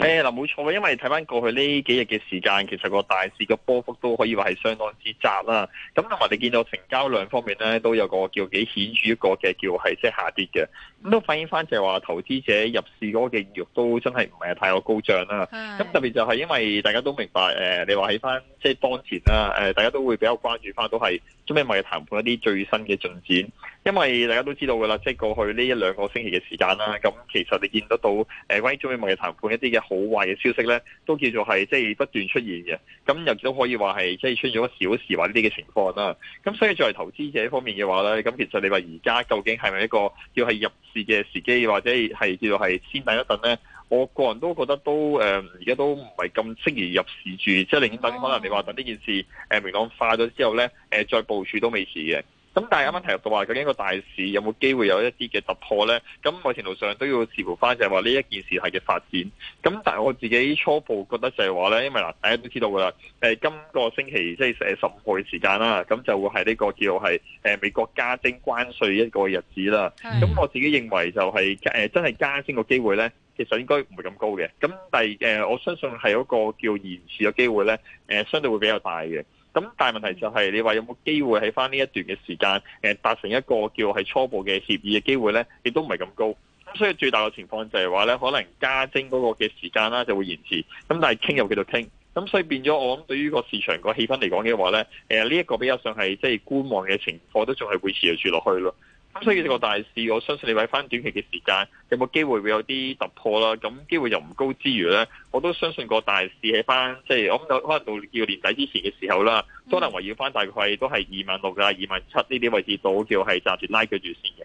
誒、哎，嗱冇錯啊，因為睇翻過去呢幾日嘅時間，其實個大市嘅波幅都可以話係相當之窄啦。咁同埋你見到成交量方面咧，都有個叫幾顯著一個嘅叫係即係下跌嘅。咁都反映翻就係話投資者入市嗰個意欲都真係唔係太過高漲啦。咁特別就係因為大家都明白，誒、呃，你話起翻即係當前啦，誒、呃，大家都會比較關注翻都係中美貿易談判一啲最新嘅進展。因為大家都知道噶啦，即、就、係、是、過去呢一兩個星期嘅時間啦，咁其實你見得到，誒、呃，關於中美貿易談判一啲嘅。好壞嘅消息咧，都叫做係即係不斷出現嘅，咁又都可以話係即係出現咗小事話呢啲嘅情況啦。咁所以作為投資者方面嘅話咧，咁其實你話而家究竟係咪一個要係入市嘅時機，或者係叫做係先等一等咧？我個人都覺得都誒，而家都唔係咁適宜入市住，即係另外可能你話等呢件事誒明朗化咗之後咧，誒再部署都未遲嘅。咁但係啱啱，提到話究竟個大市有冇機會有一啲嘅突破咧？咁某程度上都要視乎翻就係話呢一件事係嘅發展。咁但係我自己初步覺得就係話咧，因為嗱，大家都知道噶啦，誒、呃、今個星期即係十五號嘅時間啦，咁就會係呢個叫做係誒美國加徵關稅一個日子啦。咁我自己認為就係、是、誒、呃、真係加徵個機會咧，其實應該唔會咁高嘅。咁但誒、呃、我相信係有個叫延遲嘅機會咧，誒、呃、相對會比較大嘅。咁大問題就係你話有冇機會喺翻呢一段嘅時間，誒達成一個叫係初步嘅協議嘅機會咧，亦都唔係咁高。所以最大嘅情況就係話咧，可能加徵嗰個嘅時間啦就會延遲。咁但係傾又繼續傾。咁所以變咗我諗，對於個市場個氣氛嚟講嘅話咧，誒呢一個比較上係即係觀望嘅情況都仲係會持續住落去咯。咁所以個大市，我相信你睇翻短期嘅時間，有冇機會會有啲突破啦？咁機會又唔高之餘咧，我都相信個大市喺翻，即係我諗到可能到要年底之前嘅時候啦，都能圍繞翻大概都係二萬六、二萬七呢啲位置度，叫係暫時拉佢住先嘅。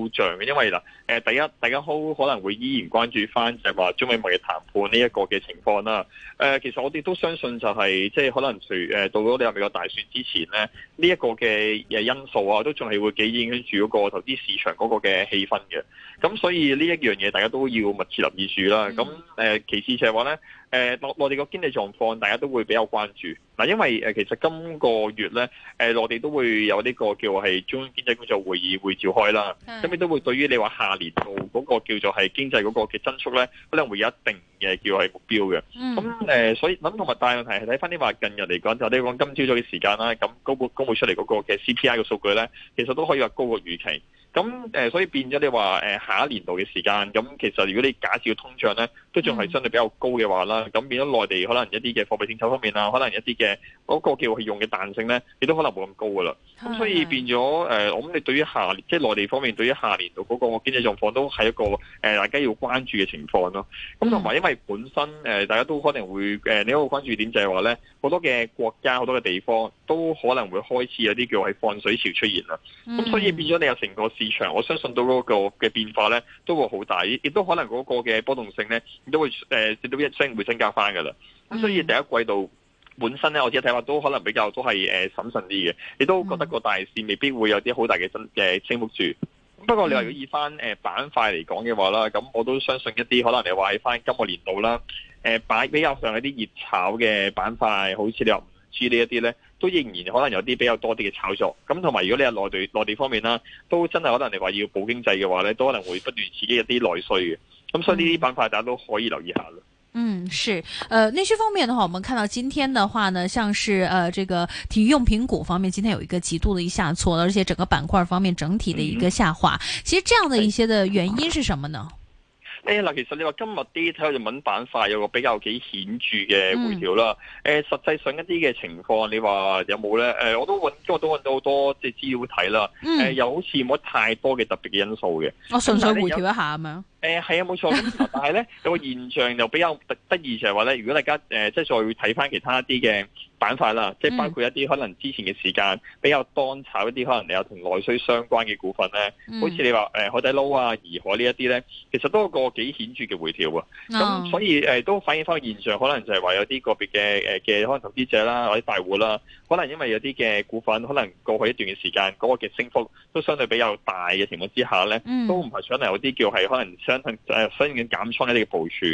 保障嘅，因為嗱，誒，第一，大家好可能會依然關注翻就係話中美貿易談判呢一個嘅情況啦。誒，其實我哋都相信就係，即係可能隨誒到咗你話美國大選之前咧，呢一個嘅誒因素啊，都仲係會幾影響住嗰個投資市場嗰個嘅氣氛嘅。咁所以呢一樣嘢，大家都要密切留意住啦。咁誒，其次就係話咧，誒，內內地個經濟狀況，大家都會比較關注。嗱，因為誒其實今個月咧，誒我哋都會有呢個叫係中央經濟工作會議會召開啦，咁佢都會對於你話下年度嗰個叫做係經濟嗰個嘅增速咧，可能會有一定嘅叫係目標嘅。咁誒，所以諗同埋大問題係睇翻啲話近日嚟講，就你、是、講今朝早嘅時間啦，咁公布公布出嚟嗰個嘅 CPI 嘅數據咧，其實都可以話高過預期。咁誒、呃，所以變咗你話誒、呃，下一年度嘅時間，咁其實如果你假設嘅通脹咧，都仲係相對比較高嘅話啦，咁、嗯、變咗內地可能一啲嘅貨幣政策方面啊，可能一啲嘅嗰個叫係用嘅彈性咧，亦都可能冇咁高噶啦。咁所以變咗誒、呃，我諗你對於下即係內地方面對於下年度嗰個經濟狀況都係一個誒、呃，大家要關注嘅情況咯、啊。咁同埋因為本身誒、呃、大家都可能會誒、呃，你一個關注點就係話咧，好多嘅國家好多嘅地方都可能會開始有啲叫係放水潮出現啦。咁、嗯、所以變咗你有成個，市場我相信到嗰個嘅變化咧都會好大，亦都可能嗰個嘅波動性咧都會誒接到一升，呃、會增加翻嘅啦。咁所以第一季度本身咧，我自己睇法都可能比較都係誒審慎啲嘅，亦都覺得個大市未必會有啲好大嘅增嘅升幅住。不過你話如果以翻誒板塊嚟講嘅話啦，咁我都相信一啲可能你話喺翻今個年度啦，誒、呃、擺比較上一啲熱炒嘅板塊好似你話。知呢一啲咧，都仍然可能有啲比較多啲嘅炒作。咁同埋，如果你係內地內地方面啦，都真係可能你話要保經濟嘅話咧，都可能會不斷刺激一啲內需嘅。咁、嗯嗯、所以呢啲板塊大家都可以留意下咯。嗯，是，呃，內需方面的話，我們看到今天的話呢，像是呃這個體育用品股方面，今天有一個極度的一下挫，而且整個板塊方面整體的一個下滑，嗯。其實這樣的一些的原因是什麼呢？哎誒，嗱，其實你話今日啲睇下日文板塊有個比較幾顯著嘅回調啦。誒、嗯欸，實際上一啲嘅情況，你話有冇咧？誒、欸，我都搵，我都搵到好多即係資料睇啦。誒、嗯欸，又好似冇乜太多嘅特別嘅因素嘅。我、哦、純粹回調一下咁樣。誒、嗯、係啊冇錯，但係咧有個現象又比較得意就係話咧，如果大家誒即係再睇翻其他一啲嘅板塊啦，嗯、即係包括一啲可能之前嘅時間比較當炒一啲可能你有同內需相關嘅股份咧，好、嗯、似你話誒海底撈啊、頤海呢一啲咧，其實都有個幾顯著嘅回調咁、哦、所以誒、呃、都反映翻個現象，可能就係話有啲個別嘅誒嘅可能投資者啦或者大戶啦，可能因為有啲嘅股份可能過去一段嘅時間嗰、那個嘅升幅都相對比較大嘅情況之下咧、嗯，都唔係想嚟，有啲叫係可能。誒，相應減倉一啲嘅部署，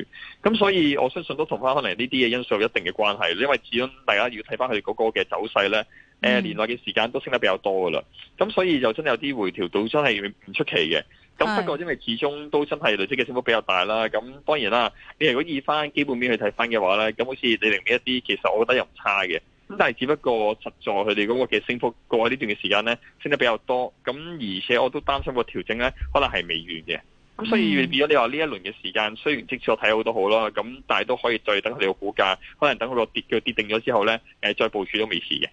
咁所以我相信都同翻可能呢啲嘅因素有一定嘅關係。因為始終大家如果睇翻佢哋嗰個嘅走勢咧，誒，年內嘅時間都升得比較多噶啦。咁所以就真係有啲回調到真係唔出奇嘅。咁不過因為始終都真係累積嘅升幅比較大啦。咁當然啦，你如果以翻基本面去睇翻嘅話咧，咁好似你另外一啲，其實我覺得又唔差嘅。咁但係只不過實在佢哋嗰個嘅升幅過去呢段嘅時間咧升得比較多，咁而且我都擔心個調整咧可能係未完嘅。咁所以變咗你話呢一輪嘅時間、嗯，雖然即次我睇好多好咯，咁但係都可以再等佢哋個股價，可能等佢落跌嘅跌定咗之後咧，再部署都未事嘅。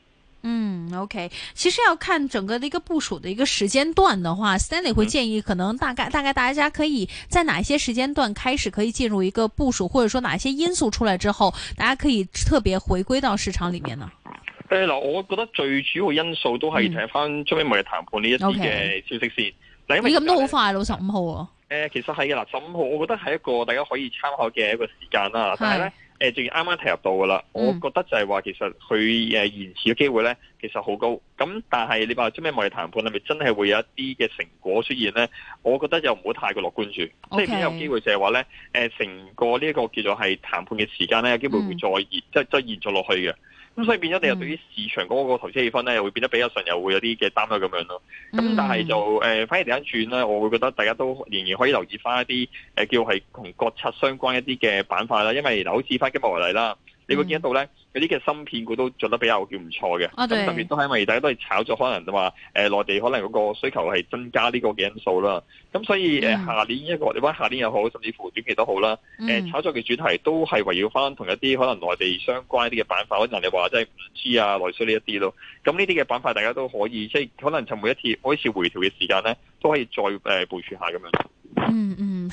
嗯，OK，其實要看整個一個部署嘅一個時間段的話，Stanley 會建議可能大概、嗯、大概大家可以在哪一些時間段開始可以進入一個部署，或者說哪些因素出來之後，大家可以特別回歸到市場裏面呢？誒、嗯、嗱、嗯 okay. 呃，我覺得最主要因素都係睇翻中尾文日談判呢一次嘅消息先。Okay. 你咁都好快老十五號啊！誒，其實係嘅啦，十五號，我覺得係一個大家可以參考嘅一個時間啦。但係咧，誒、呃，仲啱啱提及到噶啦、嗯，我覺得就係話，其實佢誒延遲嘅機會咧，其實好高。咁但係你話即咩貿易談判係咪真係會有一啲嘅成果出現咧？我覺得又唔好太過樂觀住、okay。即係變有機會就係話咧，誒、呃，成個呢一個叫做係談判嘅時間咧，有機會會再延，即、嗯、係延續落去嘅。咁所以變咗，你又對於市場嗰個投資氣氛咧，又會變得比較上又會有啲嘅擔憂咁樣咯。咁但係就誒，反而嚟緊轉啦，我會覺得大家都仍然可以留意翻一啲誒，叫係同國策相關一啲嘅板塊啦。因為嗱，好似翻今日為例啦。你會見得到咧，嗰啲嘅芯片股都做得比較叫唔錯嘅。咁特別都係因為大家都係炒咗，可能話誒、呃、內地可能嗰個需求係增加呢個嘅因素啦。咁所以誒下、呃、年一個，你話下年又好，甚至乎短期都好啦。誒、呃、炒作嘅主題都係圍繞翻同一啲可能內地相關啲嘅板塊，可能你話即係唔知啊內需呢一啲咯。咁呢啲嘅板塊大家都可以即係可能就每一次開始回調嘅時間咧，都可以再誒部署下咁樣。嗯嗯。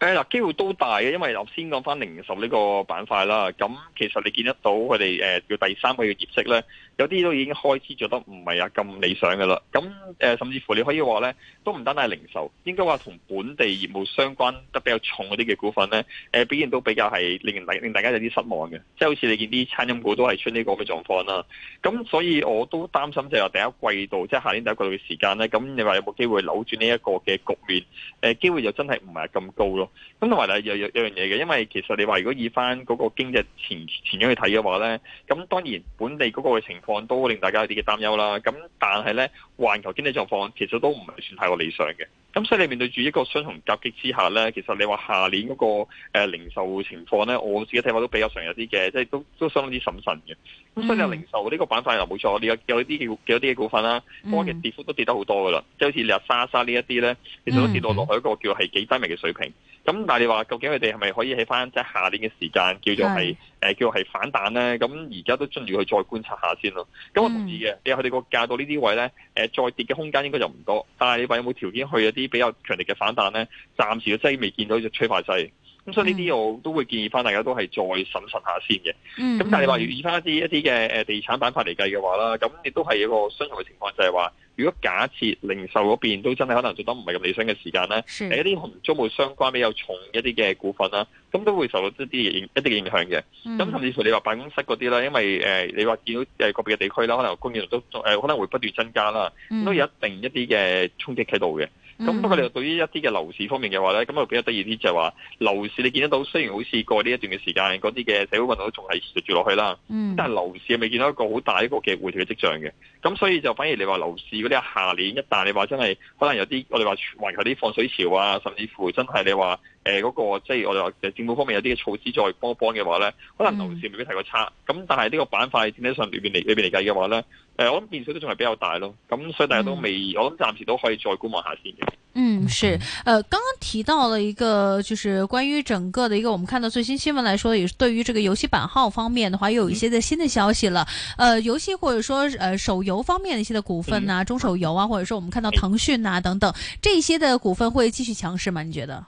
誒嗱，機會都大嘅，因為我先講返零售呢個板塊啦。咁其實你見得到佢哋誒叫第三個嘅業績咧，有啲都已經開始做得唔係啊咁理想嘅啦。咁誒，甚至乎你可以話咧，都唔單單係零售，應該話同本地業務相關得比較重嗰啲嘅股份咧，誒表現都比較係令人令大家有啲失望嘅。即係好似你見啲餐飲股都係出呢個咁嘅狀況啦。咁所以我都擔心就係話第一季度，即係下年第一季度嘅時間咧，咁你話有冇機會扭轉呢一個嘅局面？誒機會就真係唔係咁高。咁同埋咧有有有樣嘢嘅，因為其實你話如果以翻嗰個經濟前前景去睇嘅話咧，咁當然本地嗰個情況都令大家有啲嘅擔憂啦。咁但係咧，環球經濟狀況其實都唔係算太過理想嘅。咁所以你面對住一個雙重夾擊之下咧，其實你話下年嗰個零售情況咧，我自己睇法都比較常有啲嘅，即係都都相當之審慎嘅。咁、mm. 所以啊，零售個呢個板塊又冇錯，有有啲叫有啲嘅股份啦，波、mm. 嘅跌幅都跌得好多噶啦，即係好似你阿莎莎呢一啲咧，其實都跌到落去一個叫係幾低迷嘅水平。咁但係你話究竟佢哋係咪可以喺翻即係下年嘅時間叫做係、嗯、叫做係反彈咧？咁而家都仲要去再觀察下先咯。咁我同意嘅，你話佢哋個價到呢啲位咧，再跌嘅空間應該就唔多。但係你話有冇條件去一啲比較強力嘅反彈咧？暫時都真係未見到隻催化劑。咁、嗯、所以呢啲我都會建議翻，大家都係再審慎下先嘅。咁、嗯嗯、但係你話以翻一啲一啲嘅地產板塊嚟計嘅話啦，咁亦都係一個相同嘅情況，就係話，如果假設零售嗰邊都真係可能做得唔係咁理想嘅時間咧，喺一啲同租務相關比較重一啲嘅股份啦，咁都會受到一啲一啲影響嘅。咁甚至乎你話辦公室嗰啲啦，因為你話見到誒個別嘅地區啦，可能供應都可能會不斷增加啦，嗯、都有一定一啲嘅衝擊喺度嘅。咁不過你對於一啲嘅樓市方面嘅話咧，咁啊比較得意啲就係話，樓市你見得到，雖然好似過呢一段嘅時間，嗰啲嘅社會運動都仲係持續住落去啦，但係樓市係未見到一個好大一個嘅回調嘅跡象嘅。咁所以就反而你話樓市嗰啲，下年一旦你話真係可能有啲，我哋話全球啲放水潮啊，甚至乎真係你話誒嗰個，即係我哋話政府方面有啲嘅措施再幫一幫嘅話咧，可能樓市未必太過差。咁但係呢個板塊整體上裏邊嚟裏邊嚟計嘅話咧，誒我諗變數都仲係比較大咯。咁所以大家都未、嗯，我諗暫時都可以再觀望下先嘅。嗯，是，誒、呃，剛剛提到了一個，就是關於整個嘅一個，我們看到最新新聞嚟講，也是對於這個遊戲版號方面嘅話，又有一些嘅新的消息啦。誒、嗯，遊、呃、戲或者說誒手、呃、遊。某方面的一些的股份啊，中手遊啊、嗯，或者說我們看到騰訊啊、嗯、等等這些的股份會繼續強勢嗎？你覺得？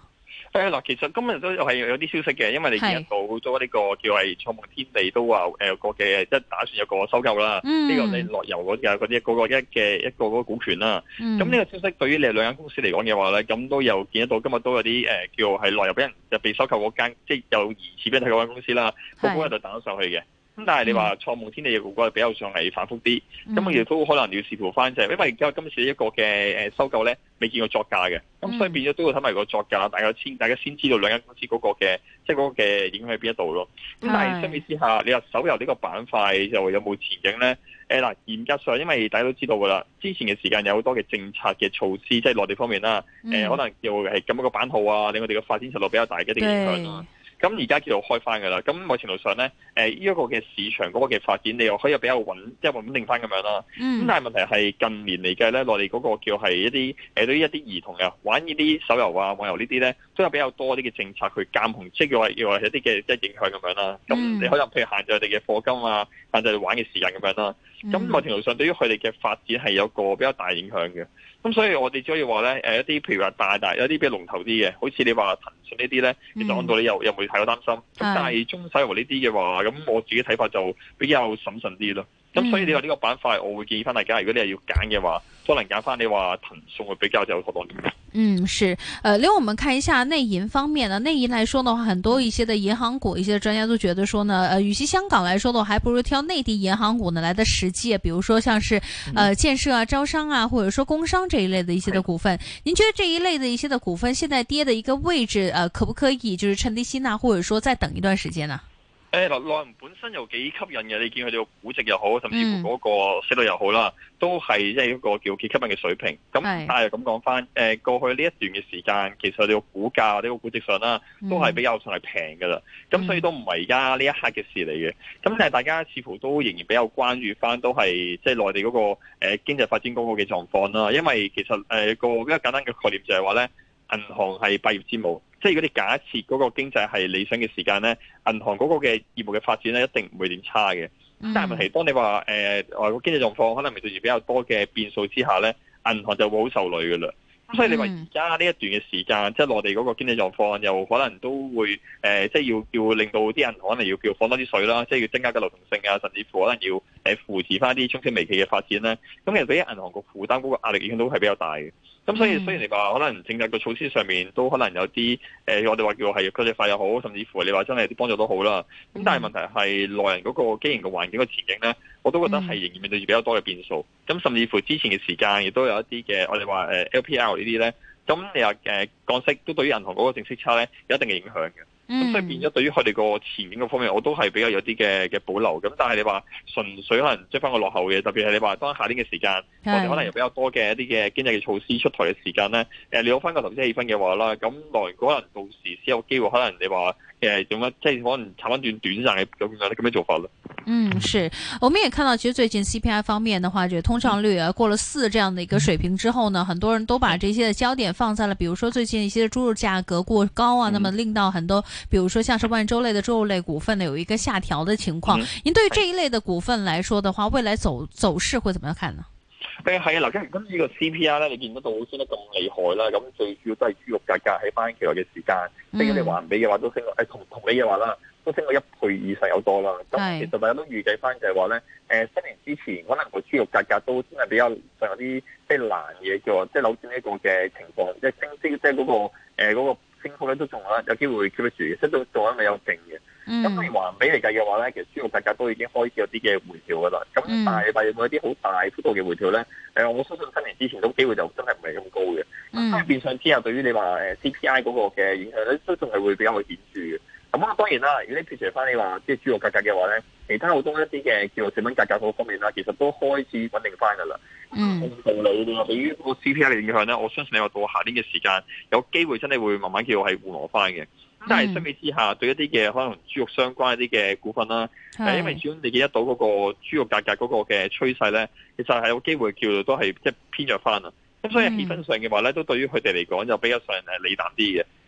誒，嗱，其實今日都係有啲消息嘅，因為你見到好多呢個叫係創夢天地都話誒個嘅即係打算有個收購啦，呢、嗯這個你落油嗰啲嗰啲個一嘅一個個股權啦。咁、嗯、呢個消息對於你哋兩間公司嚟講嘅話咧，咁都有見得到今日都有啲誒、呃、叫係落油俾人就被收購嗰間，即係有疑似俾人收購公司啦，個股就打咗上去嘅。咁但係你話、嗯、創夢天地個個比較上嚟反覆啲，咁我亦都可能要視乎翻，就係因為而家今次一個嘅收購咧，未見過作價嘅，咁所以變咗都會睇埋個作價，大家先大家先知道兩間公司嗰個嘅即係嗰個嘅影響喺邊一度咯。咁但係相比之下，你話手遊呢個板塊又有冇前景咧？誒、哎、嗱，嚴格上因為大家都知道噶啦，之前嘅時間有好多嘅政策嘅措施，即係內地方面啦、呃嗯，可能又係咁一個版號啊，令我哋嘅發展程度比較大一啲影響咁而家叫做開翻㗎啦，咁目前路上咧，呢依一個嘅市場嗰個嘅發展，你又可以有比較穩，即、就、係、是、穩定翻咁樣啦。咁、嗯、但係問題係近年嚟計咧，內地嗰個叫係一啲誒對於一啲兒童嘅玩呢啲手遊啊、網遊呢啲咧，都有比較多啲嘅政策去監控，即係或要話一啲嘅即影響咁樣啦。咁、嗯、你可能譬如限制佢哋嘅課金啊，限制你玩嘅時間咁樣啦。咁某程度上對於佢哋嘅發展係有個比較大影響嘅。咁所以我哋只可以話咧，誒一啲譬如話大大，有啲比較龍頭啲嘅，好似你話騰訊呢啲咧，其實按道理又又唔會太過擔心。咁但係中石油呢啲嘅話，咁我自己睇法就比較審慎啲咯。咁、嗯嗯、所以你話呢個板塊，我會建議翻大家，如果你係要揀嘅話，可能揀翻你話騰訊會比較就多啲。嗯，是，呃另外我們看一下內銀方面呢內銀來說的話，很多一些的銀行股，一些的專家都覺得說呢，呃與其香港來說的話，還不如挑內地銀行股呢來的實際、啊。比如說，像是、嗯、呃建設啊、招商啊，或者說工商這一類的一些的股份。您覺得這一類的一些的股份，現在跌的一個位置，呃可不可以就是趁低吸納？或者說再等一段時間呢、啊？誒，嗱，內本身又幾吸引嘅，你見佢哋個估值，又好，甚至乎嗰個息率又好啦，嗯，都係即係一個叫幾吸引嘅水平。咁但係咁講翻，誒，過去呢一段嘅時間，其實你個股價，你、這個估值上啦，都係比較上係平噶啦。咁，嗯，所以都唔係而家呢一刻嘅事嚟嘅。咁，嗯，但係大家似乎都仍然比較關注翻，都係即係內地嗰個誒經濟發展嗰個嘅狀況啦。因為其實誒個一個簡單嘅概念就係話咧，銀行係百業之母。即係如果你假設嗰個經濟係理想嘅時間咧，銀行嗰個嘅業務嘅發展咧一定唔會點差嘅，嗯。但係問題當你話誒外國經濟狀況可能面對住比較多嘅變數之下咧，銀行就會好受累嘅啦。所以你話而家呢一段嘅時間，嗯、即係內地嗰個經濟狀況又可能都會誒、呃，即係要叫令到啲銀行可能要叫放多啲水啦，即係要增加嘅流動性啊，甚至乎可能要誒扶持翻啲中性微企嘅發展咧，咁其實對於銀行嗰個負擔嗰個壓力影響都係比較大嘅。咁所以雖然你話可能政策嘅措施上面都可能有啲，誒、呃、我哋話叫係佢哋快又好，甚至乎你話真係啲幫助都好啦。咁、mm. 但係問題係內銀嗰個經營嘅環境嘅前景咧，我都覺得係仍然面對住比較多嘅變數。咁、mm. 甚至乎之前嘅時間亦都有一啲嘅我哋話 LPR 呢啲咧，咁、嗯、你實誒降息都對於銀行嗰個正息差咧有一定嘅影響嘅。咁、嗯、所以變咗，對於佢哋個前景嗰方面，我都係比較有啲嘅嘅保留。咁但係你話純粹可能追翻個落後嘅，特別係你話當夏天嘅時間，我哋可能有比較多嘅一啲嘅經濟嘅措施出台嘅時間咧。誒，你有翻個投資氣氛嘅話啦，咁來可能到時先有機會，可能你話誒點樣，即係可能炒翻段短暫嘅咁樣咁樣做法啦。嗯，是，我們也看到，其實最近 CPI 方面嘅話，就是、通脹率、啊、過了四這樣嘅一個水平之後呢，很多人都把這些嘅焦點放在了，比如說最近一些豬肉價格過高啊，那麼令到很多。嗯嗯比如說，像是萬州類的豬肉類股份呢，有一個下調的情況。您、嗯、對這一類的股份來說的話，嗯、未來走走勢會怎麼樣看呢？誒、嗯，係啊，劉經理，咁呢個 CPI 咧，你見得到升得咁厲害啦。咁最主要都係豬肉價格喺翻期內嘅時間，比起你環比嘅話都升，誒、哎、同同比嘅話啦，都升過一倍以上有多啦。咁、嗯、其實大家都預計翻就係話咧，誒、呃、新年之前可能個豬肉價格，格都真係比較仲有啲即係難嘢嘅，即係扭轉呢個嘅情況，即、就、係、是、升升即係嗰個誒個。呃那個升幅咧都仲有，有機會 keep 得住嘅。以都做有未有剩嘅。咁譬如話，環比嚟計嘅話咧，其實豬肉價格都已經開始有啲嘅回調嘅啦。咁、嗯、但係你話有冇一啲好大幅度嘅回調咧？誒，我相信新年之前都種機會就真係唔係咁高嘅。咁、嗯、變相之下，對於你話誒 CPI 嗰個嘅影響咧，都仲係會比較顯著嘅。咁啊，當然啦，如果你撇除翻你話即係豬肉價格嘅話咧，其他好多一啲嘅叫做食品價格嗰方面啦，其實都開始穩定翻噶啦。嗯，道理，啦，對於個 CPI 影響咧，我相信你話到下年嘅時間有機會真係會慢慢叫係緩和翻嘅。但係相比之下，對一啲嘅可能豬肉相關一啲嘅股份啦，係、嗯、因為只要你見得到嗰個豬肉價格嗰個嘅趨勢咧，其實係有機會叫做都係即係偏弱翻啊。咁、嗯、所以基本上嘅話咧，都對於佢哋嚟講就比較上係理淡啲嘅。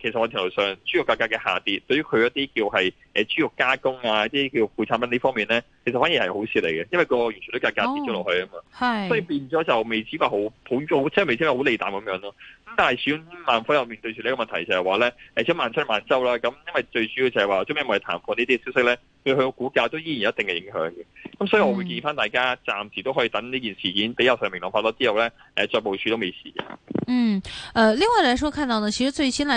其實我程度上豬肉價格嘅下跌，對於佢一啲叫係誒豬肉加工啊一啲叫副產品呢方面咧，其實反而係好事嚟嘅，因為個完全都價格跌咗落去啊嘛，oh, 所以變咗就未至於好、oh. 好本，即係未至於好利淡咁樣咯。咁但係小萬科又面，面對住呢個問題就，就係話咧誒，一萬出一萬收啦。咁因為最主要就係話，最尾因為談判呢啲消息咧，對佢個股價都依然有一定嘅影響嘅。咁所以我會建議翻大家、mm. 暫時都可以等呢件事件比較上明朗化咗之後咧，誒再部署都未遲嘅。嗯、mm. 呃，誒另外嚟講，看到呢，其實最先。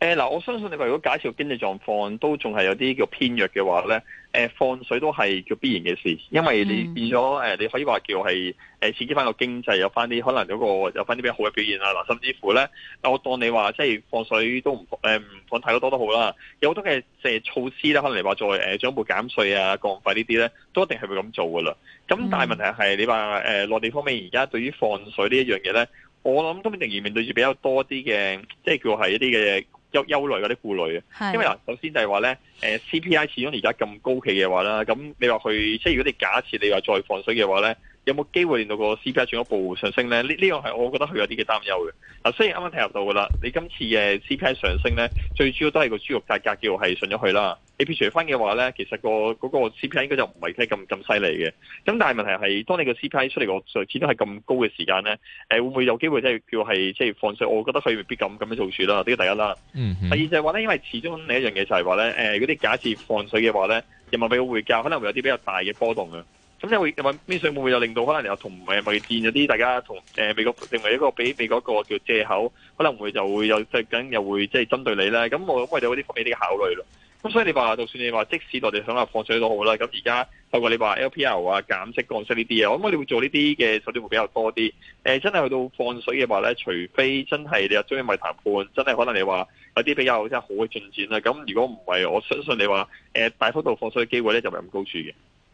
誒、啊、嗱，我相信你話如果假設經濟狀況都仲係有啲叫偏弱嘅話咧，誒放水都係叫必然嘅事，因為你變咗誒，你可以話叫係誒刺激翻個經濟，有翻啲可能有個有翻啲咩好嘅表現啦嗱，甚至乎咧，我當你話即係放水都唔誒唔放太多都好啦，有好多嘅即係措施啦，可能你話再誒進一步減稅啊降費呢啲咧，都一定係會咁做噶啦。咁但係問題係你話誒、呃、內地方面而家對於放水呢一樣嘢咧，我諗都仍然面對住比較多啲嘅，即係叫係一啲嘅。有憂慮嗰啲顧慮啊，因為嗱，首先就係話咧，誒 CPI 始終而家咁高企嘅話啦，咁你話佢，即係如果你假設你話再放水嘅話咧，有冇機會令到個 CPI 進一步上升咧？呢呢個係我覺得佢有啲嘅擔憂嘅。嗱，雖然啱啱提及到噶啦，你今次嘅 CPI 上升咧，最主要都係個豬肉價格叫係上咗佢啦。你撇除翻嘅話咧，其實個嗰 CPI 應該就唔係睇咁咁犀利嘅。咁但係問題係，當你個 CPI 出嚟個始終都係咁高嘅時間咧，誒會唔會有機會即係叫係即係放水？我覺得佢未必咁咁樣做住啦，呢個第一啦、嗯嗯。第二就係話咧，因為始終另一樣嘢就係話咧，誒啲假設放水嘅話咧，人民幣匯價可能會有啲比較大嘅波動嘅。咁你為又問邊上會唔會又令到可能又同誒貿易戰嗰啲大家同誒、呃、美國成為一個比美國個叫借口，可能會就會有最近又會即係針對你咧。咁我咁哋咗啲複複雜啲嘅考慮咯。咁所以你話就算你話即使我哋想話放水都好啦，咁而家包括你話 LPR 啊、減息、降息呢啲嘢，我諗我哋會做呢啲嘅手段會比較多啲。誒、呃，真係去到放水嘅話咧，除非真係你又中意埋談判，真係可能你話有啲比較真係好嘅進展啦。咁如果唔係，我相信你話誒、呃、大幅度放水嘅機會咧就唔係咁高處嘅。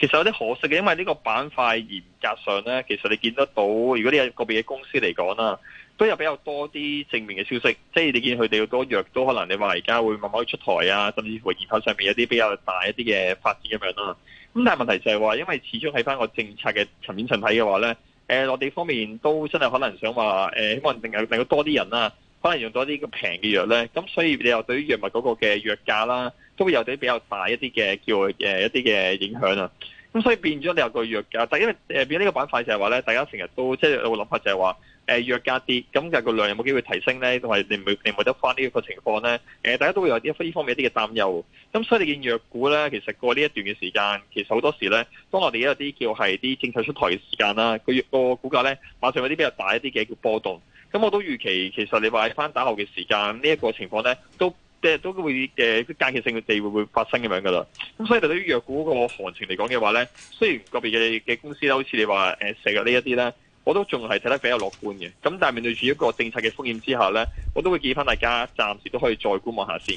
其實有啲可惜嘅，因為呢個板塊嚴格上呢，其實你見得到，如果你有個別嘅公司嚟講啦，都有比較多啲正面嘅消息，即係你見佢哋好多藥都可能你話而家會慢慢去出台啊，甚至乎研究上面有啲比較大一啲嘅發展咁樣啦、啊。咁但係問題就係話，因為始終喺翻個政策嘅層面層睇嘅話呢，誒、呃，我哋方面都真係可能想話，誒、呃，希望定有能夠多啲人啦、啊，可能用多啲嘅平嘅藥呢。咁所以你又對於藥物嗰個嘅藥價啦。都會有啲比較大一啲嘅叫、呃、一啲嘅影響啊，咁所以變咗你有個藥價，但因為變咗呢個板塊就係話咧，大家成日都即係有個諗法就係、是、話、呃、藥價跌，咁就個個量有冇機會提升咧，同埋你唔會你冇得翻呢一個情況咧、呃，大家都會有啲呢方面一啲嘅擔憂。咁所以你見藥股咧，其實過呢一段嘅時間，其實好多時咧，當我哋有啲叫係啲政策出台嘅時間啦，佢、那個股價咧，馬上有啲比較大一啲嘅波動。咁我都預期，其實你話喺翻打後嘅時間呢一、這個情況咧，都。即係都會嘅、呃，間歇性嘅地會會發生咁樣噶啦。咁所以對於藥股個行情嚟講嘅話咧，雖然個別嘅嘅公司啦，好似你話誒石藥呢一啲咧，我都仲係睇得比較樂觀嘅。咁但係面對住一個政策嘅風險之下咧，我都會建議翻大家暫時都可以再觀望下先。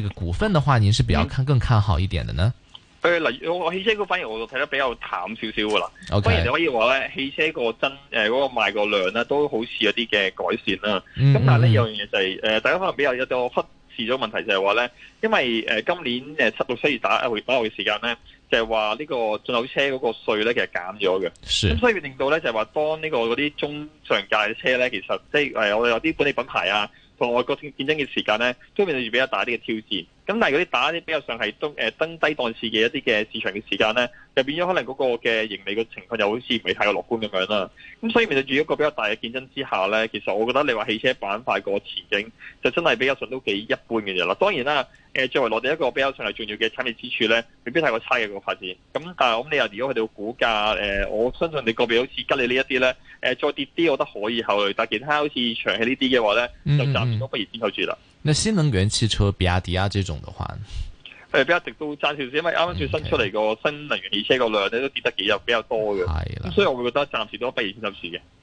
這個、股份的話，您是比較看更看好一點的呢？誒、嗯，我汽車個反而我睇得比較淡少少噶啦。反而你可以話咧，汽車個增誒嗰個賣個量咧都好似有啲嘅改善啦。咁但係咧樣嘢就係誒，大家可能比較一個忽視咗問題就係話咧，因為誒今年誒七到七月打一月打嘅時間咧，就係話呢個進口車嗰個稅咧其實減咗嘅。咁所以令到咧就係話，當呢個嗰啲中上價嘅車咧，其實即係誒我哋有啲本地品牌啊。同外國競爭嘅時間呢，都面對住比較大啲嘅挑戰。咁但係嗰啲打啲比較上係登誒登低檔次嘅一啲嘅市場嘅時間呢，就變咗可能嗰個嘅盈利嘅情況又好似唔係太過樂觀咁樣啦。咁所以面對住一個比較大嘅競爭之下呢，其實我覺得你話汽車板塊個前景就真係比較上都幾一般嘅嘢啦。當然啦。誒，作為我哋一個比較上嚟重要嘅產業支柱咧，未必太過差嘅個發展。咁但係咁，你又如果佢哋個股價誒、呃，我相信你個別好似吉利些呢一啲咧，誒、呃、再跌啲，我覺得可以考慮。但其他好似長汽呢啲嘅話咧，就暫時都不如先收住啦。那新能源汽車，比亞迪啊，呢種嘅話，誒、嗯，比較直都揸少少，因為啱啱最新出嚟個新能源汽車個量咧都跌得幾又比較多嘅。係啦，所以我會覺得暫時都不如先收住嘅。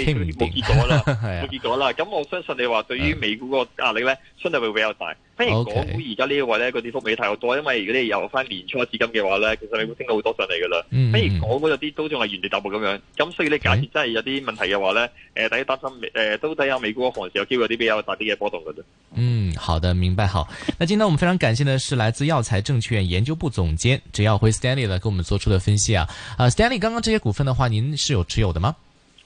冇結果啦，冇、 啊、結果啦。咁我相信你話對於美股個壓力咧，相對會比較大。反而港股而家呢個位咧，嗰跌幅尾睇好多，因為如果你有翻年初至今嘅話咧，其實你會升到好多上嚟噶啦。反而港股有啲都仲係原地踏步咁樣。咁所以咧，假設真係有啲問題嘅話咧，誒、哎，大家擔心誒，都睇下美股個行情有冇機會啲比較大啲嘅波動噶啫。嗯，好的，明白。好，那今天我們非常感謝的是來自耀才證券研究部總監，植耀輝 Stanley 啦，給我們做出嘅分析啊。啊、uh，Stanley，剛剛這些股份的話，您是有持有的嗎？